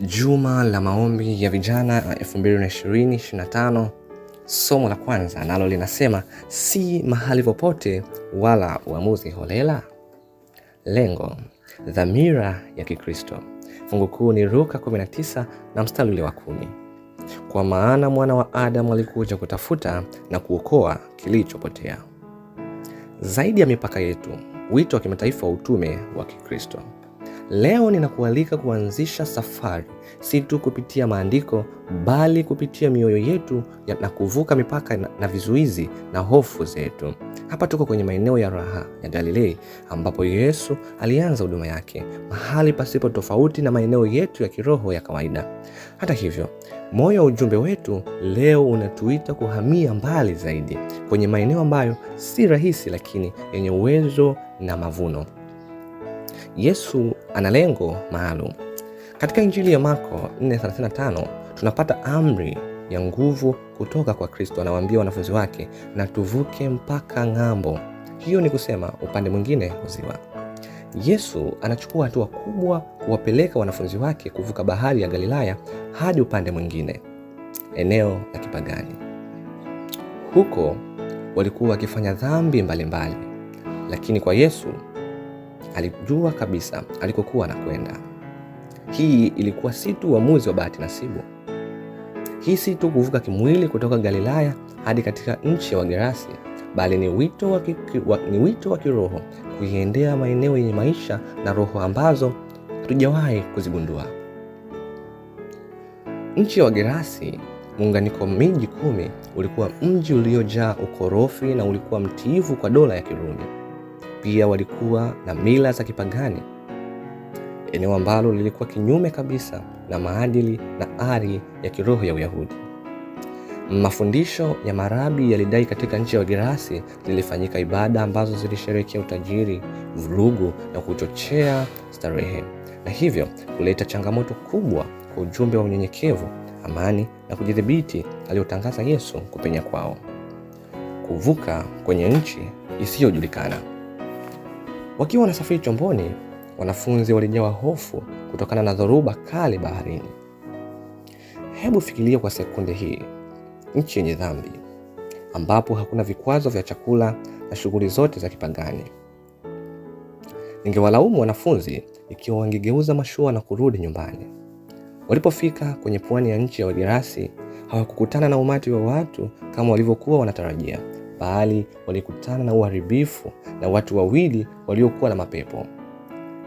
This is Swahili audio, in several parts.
Juma la maombi ya vijana 2020-2025, somo la kwanza nalo linasema si mahali popote wala uamuzi holela. Lengo, dhamira ya Kikristo. Fungu kuu ni ruka 19 na mstari ule wa kumi, kwa maana mwana wa Adamu alikuja kutafuta na kuokoa kilichopotea. Zaidi ya mipaka yetu, wito wa kimataifa wa utume wa Kikristo. Leo ninakualika kuanzisha safari, si tu kupitia maandiko, bali kupitia mioyo yetu na kuvuka mipaka na, na vizuizi na hofu zetu. Hapa tuko kwenye maeneo ya raha ya Galilei ambapo Yesu alianza huduma yake, mahali pasipo tofauti na maeneo yetu ya kiroho ya kawaida. Hata hivyo, moyo wa ujumbe wetu leo unatuita kuhamia mbali zaidi, kwenye maeneo ambayo si rahisi, lakini yenye uwezo na mavuno. Yesu ana lengo maalum. Katika Injili ya Marko 4:35 tunapata amri ya nguvu kutoka kwa Kristo. Anawaambia wanafunzi wake, na tuvuke mpaka ng'ambo. Hiyo ni kusema upande mwingine uziwa Yesu anachukua hatua kubwa kuwapeleka wanafunzi wake kuvuka bahari ya Galilaya hadi upande mwingine, eneo la kipagani. Huko walikuwa wakifanya dhambi mbalimbali mbali, lakini kwa Yesu alijua kabisa alikokuwa anakwenda. Hii ilikuwa si tu uamuzi wa bahati nasibu. Hii si tu kuvuka kimwili kutoka Galilaya hadi katika nchi ya Wagerasi, bali ni wito wa, wa, ni wito wa kiroho kuiendea maeneo yenye maisha na roho ambazo hatujawahi kuzigundua. Nchi ya Wagerasi, muunganiko miji kumi, ulikuwa mji uliojaa ukorofi na ulikuwa mtiifu kwa dola ya Kirumi. Pia walikuwa na mila za kipagani, eneo ambalo lilikuwa kinyume kabisa na maadili na ari ya kiroho ya Uyahudi. Mafundisho ya marabi yalidai katika nchi ya Wagirasi zilifanyika ibada ambazo zilisherekea utajiri, vurugu na kuchochea starehe, na hivyo kuleta changamoto kubwa kwa ujumbe wa unyenyekevu, amani na kujidhibiti aliyotangaza Yesu kupenya kwao, kuvuka kwenye nchi isiyojulikana. Wakiwa wanasafiri chomboni, wanafunzi walijawa hofu kutokana na dhoruba kali baharini. Hebu fikiria kwa sekunde hii, nchi yenye dhambi ambapo hakuna vikwazo vya chakula na shughuli zote za kipagani. Ningewalaumu wanafunzi ikiwa wangegeuza mashua na kurudi nyumbani. Walipofika kwenye pwani ya nchi ya Wagerasi hawakukutana na umati wa watu kama walivyokuwa wanatarajia, Bali walikutana na uharibifu na watu wawili waliokuwa na mapepo,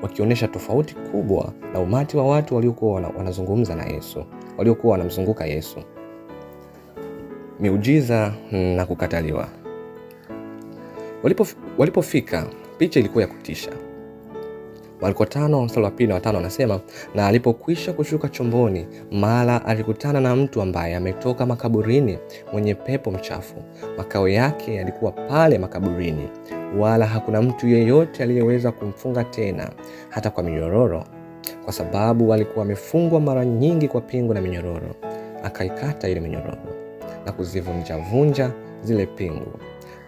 wakionyesha tofauti kubwa na umati wa watu waliokuwa wanazungumza na Yesu, waliokuwa wanamzunguka Yesu. Miujiza na kukataliwa. Walipofika, picha ilikuwa ya kutisha. Marko tano mstari wa pili na watano anasema, na alipokwisha kushuka chomboni, mara alikutana na mtu ambaye ametoka makaburini, mwenye pepo mchafu. Makao yake yalikuwa pale makaburini, wala hakuna mtu yeyote aliyeweza kumfunga tena, hata kwa minyororo, kwa sababu alikuwa wamefungwa mara nyingi kwa pingu na minyororo. Akaikata ile minyororo na kuzivunjavunja zile pingu,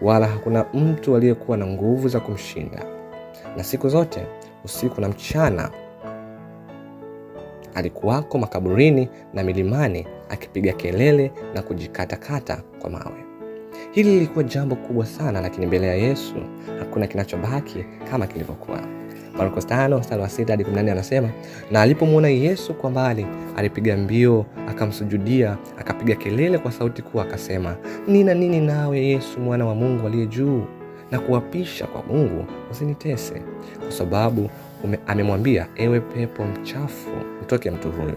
wala hakuna mtu aliyekuwa na nguvu za kumshinda. Na siku zote usiku na mchana. Alikuwako makaburini na milimani akipiga kelele na kujikatakata kwa mawe. Hili lilikuwa jambo kubwa sana, lakini mbele ya Yesu hakuna kinachobaki kama kilivyokuwa. Marko 5 mstari wa hadi anasema, na alipomwona Yesu kwa mbali alipiga mbio akamsujudia, akapiga kelele kwa sauti kuwa akasema, nina nini nawe Yesu mwana wa Mungu aliye juu na kuapisha kwa Mungu, usinitese, kwa sababu amemwambia, ewe pepo mchafu, mtoke mtu huyo.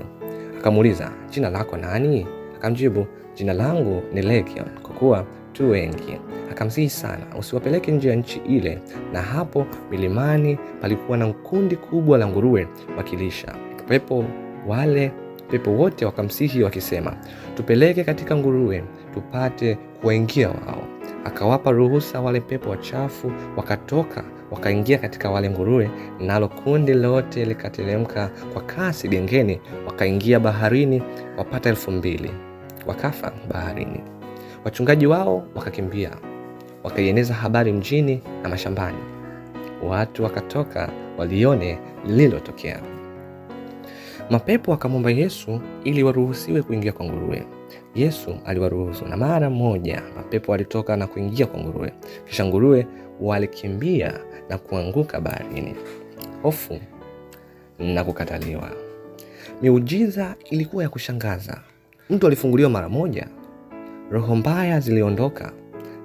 Akamuuliza, jina lako nani? Akamjibu, jina langu ni Legion, kwa kuwa tu wengi. Akamsihi sana usiwapeleke nje ya nchi ile. Na hapo milimani palikuwa na kundi kubwa la nguruwe wakilisha. Pepo wale pepo wote wakamsihi wakisema, tupeleke katika nguruwe tupate kuwaingia wao akawapa ruhusa wale pepo wachafu, wakatoka wakaingia katika wale nguruwe, nalo kundi lote likateremka kwa kasi gengeni, wakaingia baharini, wapata elfu mbili wakafa baharini. Wachungaji wao wakakimbia, wakaieneza habari mjini na mashambani, watu wakatoka walione lililotokea. Mapepo wakamwomba Yesu ili waruhusiwe kuingia kwa nguruwe. Yesu aliwaruhusu, na mara moja mapepo alitoka na kuingia kwa nguruwe, kisha nguruwe walikimbia na kuanguka baharini. Hofu na kukataliwa. Miujiza ilikuwa ya kushangaza. Mtu alifunguliwa mara moja, roho mbaya ziliondoka,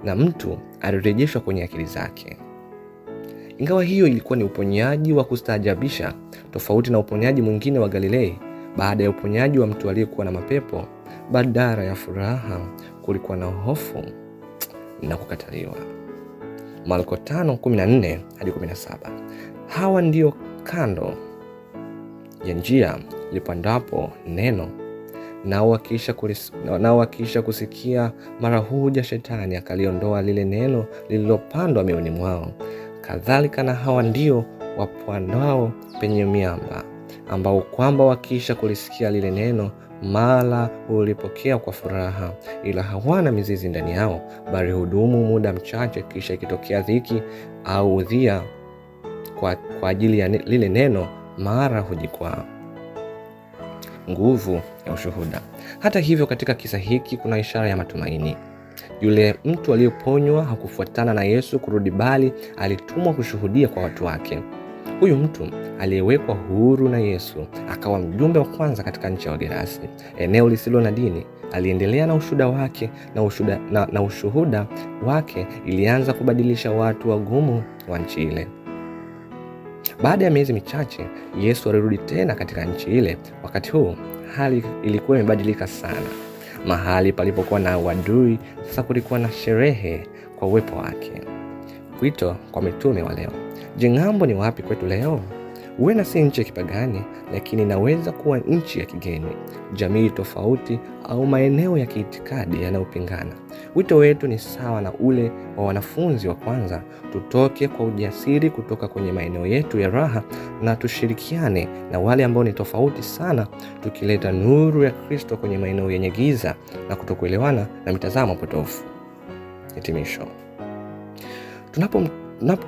na mtu alirejeshwa kwenye akili zake. Ingawa hiyo ilikuwa ni uponyaji wa kustaajabisha, tofauti na uponyaji mwingine wa Galilei baada ya uponyaji wa mtu aliyekuwa na mapepo. Badala ya furaha kulikuwa na hofu na kukataliwa. Marko 5:14 hadi 17. Hawa ndio kando ya njia lipandapo neno, nao wakiisha kusikia, mara huja shetani akaliondoa lile neno lililopandwa mioyoni mwao. Kadhalika na hawa ndio wapandao penye miamba, ambao kwamba wakiisha kulisikia lile neno mara ulipokea kwa furaha, ila hawana mizizi ndani yao, bali hudumu muda mchache, kisha ikitokea dhiki au udhia kwa, kwa ajili ya lile neno, mara hujikwaa. Nguvu ya ushuhuda. Hata hivyo, katika kisa hiki kuna ishara ya matumaini. Yule mtu aliyeponywa hakufuatana na Yesu kurudi, bali alitumwa kushuhudia kwa watu wake. Huyu mtu aliyewekwa huru na Yesu akawa mjumbe wa kwanza katika nchi ya Wagerasi, eneo lisilo na dini. Aliendelea na ushuhuda wake na ushuhuda, na, na ushuhuda wake ilianza kubadilisha watu wagumu wa nchi ile. Baada ya miezi michache, Yesu alirudi tena katika nchi ile. Wakati huu hali ilikuwa imebadilika sana. Mahali palipokuwa na uadui, sasa kulikuwa na sherehe kwa uwepo wake. Wito kwa mitume wa leo. Je, ng'ambo ni wapi kwetu leo? Huenda si nchi ya kipagani, lakini inaweza kuwa nchi ya kigeni, jamii tofauti, au maeneo ya kiitikadi yanayopingana. Wito wetu ni sawa na ule wa wanafunzi wa kwanza: tutoke kwa ujasiri kutoka kwenye maeneo yetu ya raha na tushirikiane na wale ambao ni tofauti sana, tukileta nuru ya Kristo kwenye maeneo yenye giza na kutokuelewana na mitazamo potofu. Hitimisho tunapo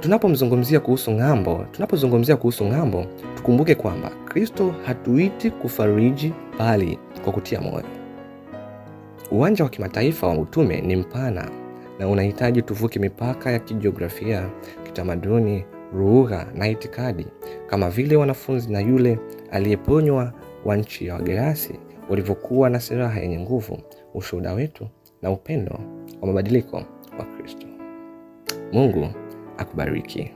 tunapomzungumzia kuhusu ng'ambo, tunapozungumzia kuhusu ng'ambo, tukumbuke kwamba Kristo hatuiti kufariji bali kwa kutia moyo. Uwanja wa kimataifa wa utume ni mpana na unahitaji tuvuke mipaka ya kijiografia, kitamaduni, lugha na itikadi, kama vile wanafunzi na yule aliyeponywa wa nchi ya Wagerasi walivyokuwa na silaha yenye nguvu, ushuhuda wetu na upendo wa mabadiliko wa Kristo. Mungu akubariki.